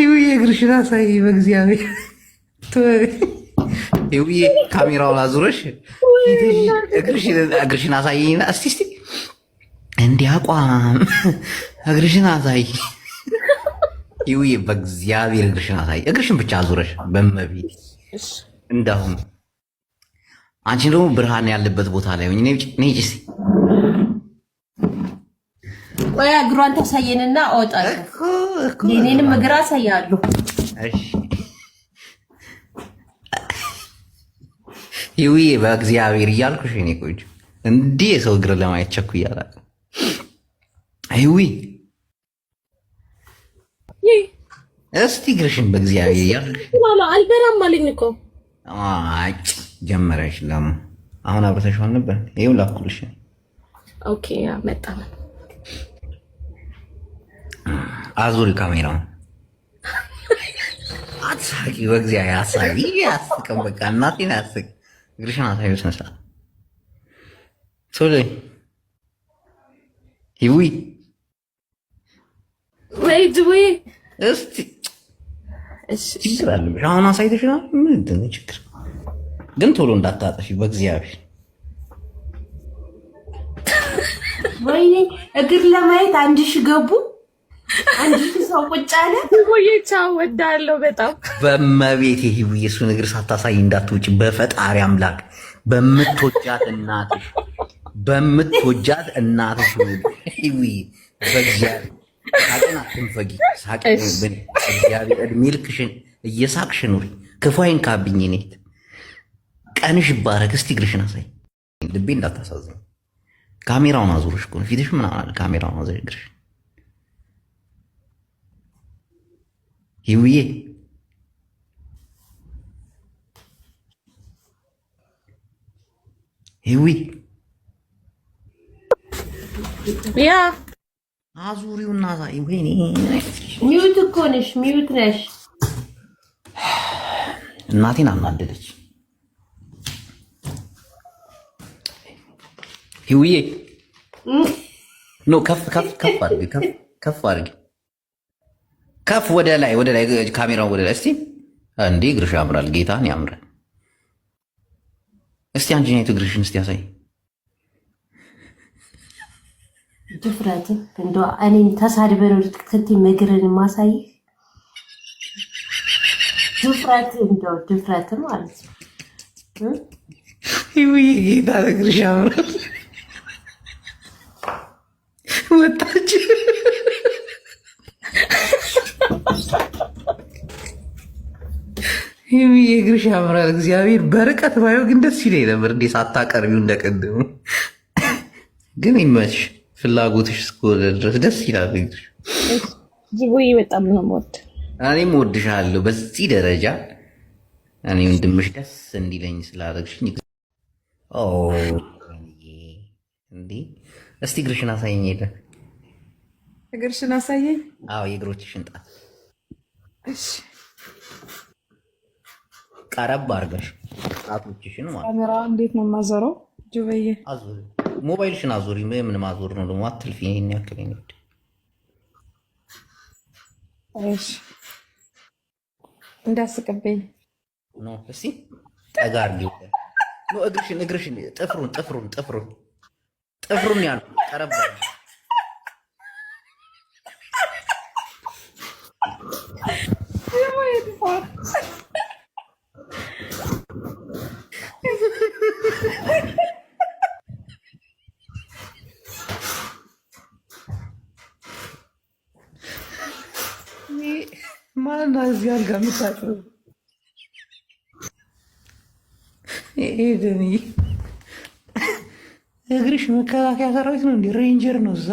ይውዬ እግርሽን አሳይ በእግዚአብሔር ይኸውዬ ካሜራውን አዙረሽ እግርሽን አሳይኝና እስቲ እስቲ እንዲህ አቋም እግርሽን አሳይ ይኸውዬ በእግዚአብሔር እግርሽን አሳይ እግርሽን ብቻ አዙረሽ በመቤት እንዳሁን አንቺን ደግሞ ብርሃን ያለበት ቦታ ላይ ሆኜ ነጭ ነጭ ቆይ እግሯን ታሳየንና እወጣለሁ። እግር አሳያለሁ። ይዊ በእግዚአብሔር እያልኩሽ እኔ ቆይ እንዲህ የሰው እግር ለማየት ቸኩ እያላለ ይዊ እስቲ እግርሽን በእግዚአብሔር እያልኩሽ አለኝ እኮ አጭ ጀመረሽ። ለሙ አሁን አብረተሽ ሆን ነበር ይኸው ላኩልሽ። ኦኬ መጣ አዙሪ ካሜራውን አሳቂ በእግዚአብሔር አሳቂ አስቅም። በቃ እናቴን አስቅ። እግርሽን አሳዩ ስነሳ ቶሎ ይዊ ወይ ድዊ እስቲ ችግር አለብሽ። አሁን አሳይተሽ ምንድን ችግር? ግን ቶሎ እንዳታጠፊ በእግዚአብሔር። ወይኔ እግር ለማየት አንድ ሺህ ገቡ ወዳለው በጣም በመቤት ይህ የሱ ሳታሳይ እንዳትውጭ በፈጣሪ አምላክ በምትወጃት እናትሽ በምትወጃት እናትሽ በእግዚአብሔር ሳቅን አትንፈጊ። እግዚአብሔር እድሜ ልክሽን እየሳቅሽ ኑሪ። ክፉ አይንካብኝ። ኔት ቀንሽ ይባረክ። እስቲ እግርሽን አሳይ። ልቤ እንዳታሳዝኝ። ካሜራውን አዙርሽ ፊትሽ ምናምን ካሜራውን ሂውዬ ሂዊ ያ አዙሪውና ሚዩት እኮ ነሽ፣ ሚዩት ነሽ። እናቴን አናደደች። ሂውዬ ኖ ከፍ ከፍ ከፍ አድርጊ፣ ከፍ አድርጊ ከፍ ወደ ላይ ወደ ላይ ካሜራው ወደ ላይ። እስቲ እንዲህ እግርሽ ያምራል፣ ጌታን ያምራል። እስቲ አንቺኛይቱ እግርሽን እስቲ ያሳይ። ድፍረት እንደ እኔን ተሳድበ ነው ልትክትት መግረን ማሳይ ድፍረት እንደ ድፍረት ማለት ነው። ይህ ጌታ እግርሽ ያምራል ወጣ ይህ የእግርሽ ያምራል። እግዚአብሔር በርቀት ባየው ግን ደስ ይለኝ ነበር። እንዴ ሳታቀርቢው እንደቀድሙ ግን ይመች ፍላጎትሽ እስከሆነ ድረስ ደስ ይላል። እግርሽ ጅቡዬ በጣም ነው የምወድ። እኔም እወድሻለሁ። በዚህ ደረጃ እኔ ወንድምሽ ደስ እንዲለኝ ስላደረግሽኝ እንዴ እስቲ እግርሽን አሳየኝ። ሄደ እግርሽን አሳየኝ። አዎ የእግሮችሽን ጣት ቀረብ አድርገሽ ጣቶችሽን ማለት ካሜራ እንዴት ነው የማዞረው? ጁበዬ አዙሪ፣ ሞባይልሽን አዙሪ። ምን ማዞር ነው ደግሞ አትልፊ። ይሄን ያክል ነው። እሺ እንዳስቀበኝ ነው። እስቲ ጠጋ አድርጊ። እግርሽን እግርሽን ጥፍሩን ጥፍሩን ጥፍሩን ጥፍሩን ያልኩት ቀረብ አድርጊ ማና እዚህ አልጋ የምታጥበው? ኤደን እግርሽ መከላከያ ሰራዊት ነው እንዴ? ሬንጀር ነው እዛ